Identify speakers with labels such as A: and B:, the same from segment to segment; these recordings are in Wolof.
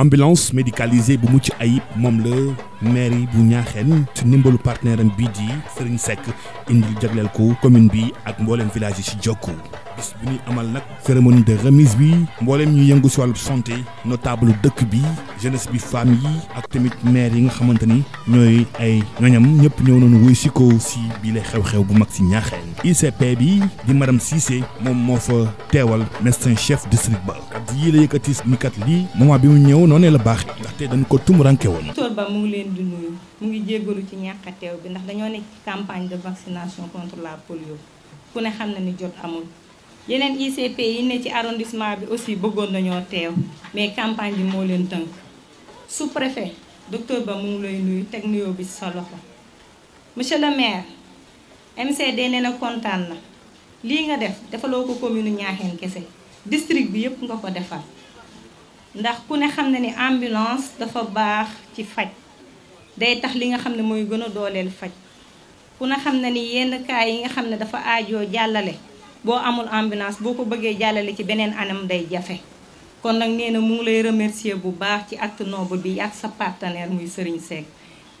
A: ambulance médicalisée bu mucc ayib moom la mairie bu ñaaxeen ci ndimbalu partenaire bi di Serigne Seck indi jagleel ko commune bi ak mbooleem village yi ci jokku bis bi ñuy amal nag cérémonie de remise bi mbooleem ñu yëngu si wàllu santé notable dëkk bi jeunesse bi femme yi ak tamit maire yi nga xamante ni ñooy ay ñoñam ñëpp ñëw nañu wuy si ko si biile xew-xew bu mag si ñaaxeen ICP bi di madame Cissé moom moo fa teewal médecin chef district ba kat yii la yëkkati ni kat lii moment bi mu ñëw noonee la baax ndaxte dañ ko tum ranke woon
B: Ba mu ngi leen di nuyu mu ngi jéggalu ci ñàkk a teew bi ndax dañoo ne yeneen ICP yi ne ci arrondissement bi aussi bëggoon nañoo teew mais campagne bi moo leen tënk sous-préfet docteur Ba mu ngi lay nuyu teg nuyoo bi sa loxo monsieur le maire MCD nee na kontaan na lii nga def defaloo ko commune Niakhène kese district bi yëpp nga ko defal ndax ku ne xam na ni ambulance dafa baax ci faj day tax li nga xam ne mooy gën a dooleel faj ku ne xam na ni yenn cas yi nga xam ne dafa aajoo jàllale boo amul ambulance boo ko bëggee jàllale ci beneen anam day jafe kon nag nee na mu ngi lay remercier bu baax ci at noble bi ak sa partenaire muy Serigne Seck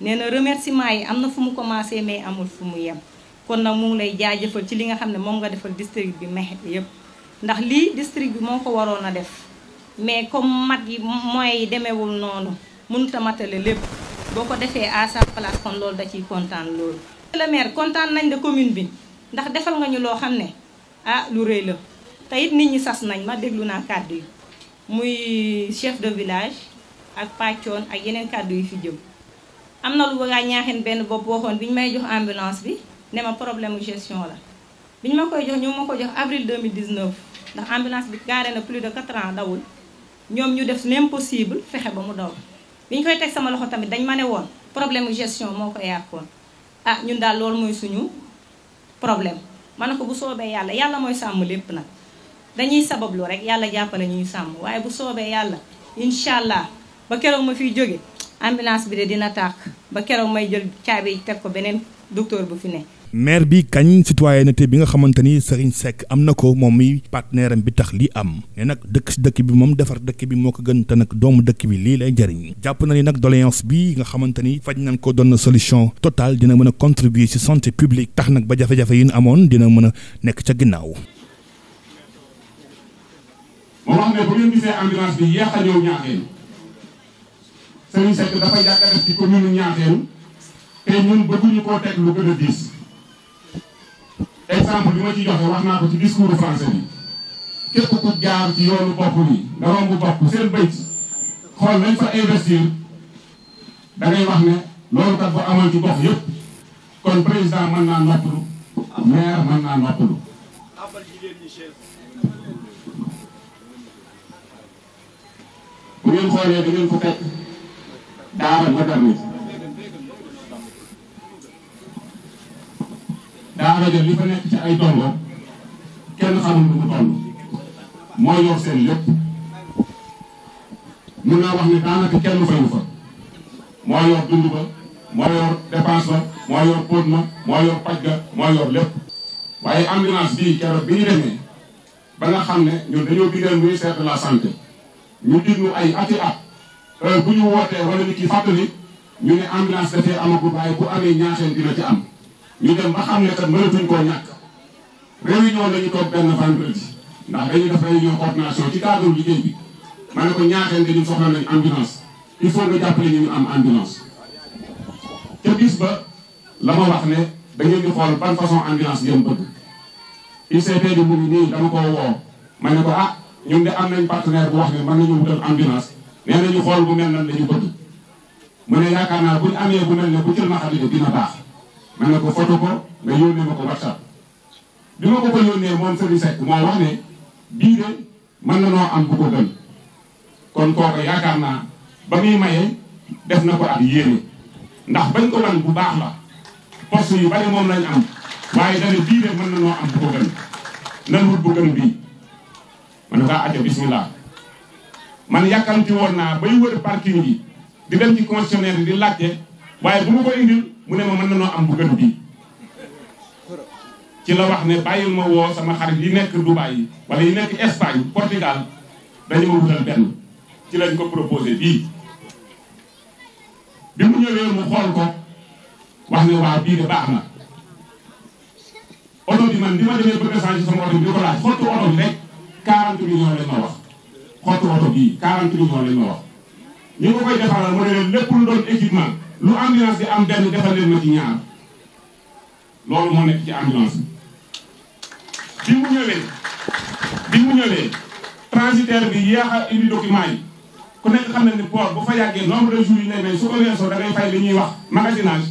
B: nee na remerciement yi am na fu mu commencé mais amul fu mu yem kon nag mu ngi lay jaajëfal ci li nga xam ne moom nga defal district bi Mékhé yépp ndax lii district bi moo ko waroon a def mais comme mat yi mooy demewul noonu mënut a matale lépp boo ko defee à sa place kon loolu da ciy kontaan loolu. kontaan nañ de commune bi ndax loo xam ne. ah lu rëy la te it nit ñi sas nañ ma déglu naa kàddu yi muy chef de village ak pàccoon ak yeneen kàddu yi fi jëm am na lu bëggaa ñaaxeen benn bopp waxoon bi ñu may jox ambulance bi ne ma problème mu gestion la bi ñu ma koy jox ñoom ma ko jox avril 2019 ndax ambulance bi gaare na plus de 4 ans dawul ñoom ñu def possible fexe ba mu daw bi ñu koy teg sama loxo tamit dañ ma ne woon problème mu gestion moo ko yàqoon ah ñun daal loolu mooy suñu problème man ne ko bu soobee yàlla yàlla mooy sàmm lépp nag dañuy sabablu rek yàlla jàppale ñuy sàmm waaye bu soobee yàlla incha allah ba keroog ma fiy jóge ambulance bi de dina tàkk ba keroog may jël caabi teg ko beneen docteur bu fi ne.
A: maire bi kañ citoyenneté bi nga xamante ni Serigne Seck am na ko moom mi partenaire am bi tax lii am ne nag dëkk dëkk bi moom defar dëkk bi moo ko gën te nag doomu dëkk bi lii lay jëriñ jàpp na ni nag doléance bi nga xamante ni faj nañ ko doon na solution totale dina mën a contribuer si santé publique tax nag ba jafe-jafe yi ñu amoon dina mën a nekk ca ginnaaw.
C: te ñun bëgguñu koo teg lu gën a diis exemple bi ma ci joxe wax naa ko ci discours français bi képp ku jaar ci yoonu bopp bi nga romb bopp seen bëyt xool lañ fa investir da wax ne loolu kat bu amoon ci gox yëpp kon président mën naa noppalu maire mën naa noppalu. bu ngeen xoolee da ngeen ko fekk
B: daara moderniste
C: rajo li fa nekk ci ay dongo kenn xamul lu mu toll mooy yor seen lépp mun naa wax ne daanaka kenn fayu fa mooy yor dund ba mooy yor dépense ba mooy yor póot ma mooy yor paj ga mooy yor lépp waaye ambulance bii keroog bi ñu demee ba nga xam ne ñun dañoo bindal ministère de la santé ñu diglu ay ati at bu ñu wootee wala nit ki ñu ne ambulance dafee amagul waaye bu amee ñaaxeen dina ci am ñu dem ba xam ne kat mënatuñ koo ñàkk réunion la ñu toog benn vendredi ndax dañuy def réunion coordination ci cadre liggéey bi ma ne ko ñaateel dañu soxla nañ ambulance il faut nga jàppale ñu ñu am ambulance. te bis ba la ma wax ne da ngeen di xool ban façon ambulance ngeen bëgg UCP bi mu ngi nii dama ko woo ma ne ko ah ñun de am nañ partenaire bu wax ne mën wutal ambulance nee nañu xool bu mel nan la ñu bëgg mu ne yaakaar naa buñ amee bu mel ne bu ma ne ko photo ko nga yónnee ma ko whatsapp bi ma ko ko yónnee moom Serigne Seck moo wax ne bii de mën na noo am bu ko gën kon kooku yaakaar naa ba muy maye def na ko ak yéene ndax bañ ko wan bu baax la poste yu bari moom lañ am waaye dana bii mën na noo am bu ko gën nan wut bu gën bii ma ne ko ah, ajo bismillah man yàkkamti woon naa bay wër parking bi di dem ci concessionnaire di laajte waaye bu ma ko indil mu ne ma mën na noo am bu gën bii ci la wax ne bàyyil ma woo sama xarit yi nekk Dubaay yi wala yi nekk Espagne Portugal dañu ma wutal benn ci lañ ko proposé bii bi mu ñëwee mu xool ko wax ne waaw bii de baax na oto bi man bi ma demee bëgg a changé sama oto bi di ko laaj xottu oto bi rek 40 millions lañ ma wax xottu oto bii 40 millions lañ ma wax ñu ko koy defaral mu ne leen lépp lu doon équipement lu ambulance bi am benn defal leen ma ci ñaar loolu moo nekk ci ambulance bi bi mu ñëwee bi mu ñëwee transitaire bi yéex a indi document yi ku nekk xam na ni port bu fa yàggee nombre de jours yi ne su ko weesoo da fay li ñuy wax magasinage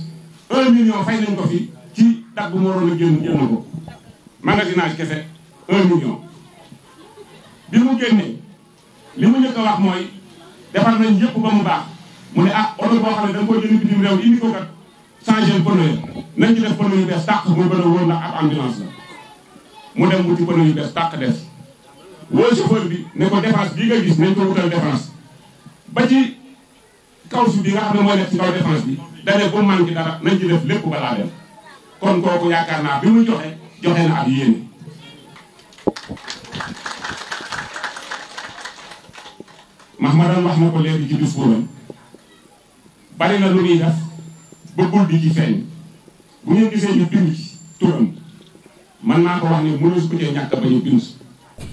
C: un million fay nañ ko fi ci date bu mu waroon ko magasinage kese un million bi mu génnee li mu njëkk wax mooy defar nañ yëpp ba mu baax mu ne ah oto boo xam ne da nga koy jënd bitim réew indi ko kat changé pneu yi nañ ci def pneu yu bees tàq mu gën a wóor ndax ab ambulance la mu dem wuti pneu yu bees tàq des woo chauffeur bi ne ko dépense bii nga gis nañ ko wutal dépense su bi nga xam ne moo bu manqué dara nañ ci def lépp balaa dem kon kooku yaakaar naa bi mu joxe joxe na ab yéene Mahmadan wax na ko léegi ci discours bari na lu muy def bëggul di feeñ bu ngeen gisee ñu bind ci turam man naa ko wax ne mënees ko ñàkk ba ñu bind.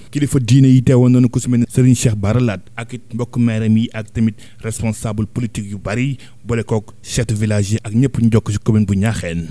A: kilifa diine yi teewoon nañu ko su mel ne Serigne Cheikh Bara ak it mbokk meeram yi ak tamit responsable politique yu bari boole kook chef village yi ak ñëpp ñu jokk ci commune bu Niakhène.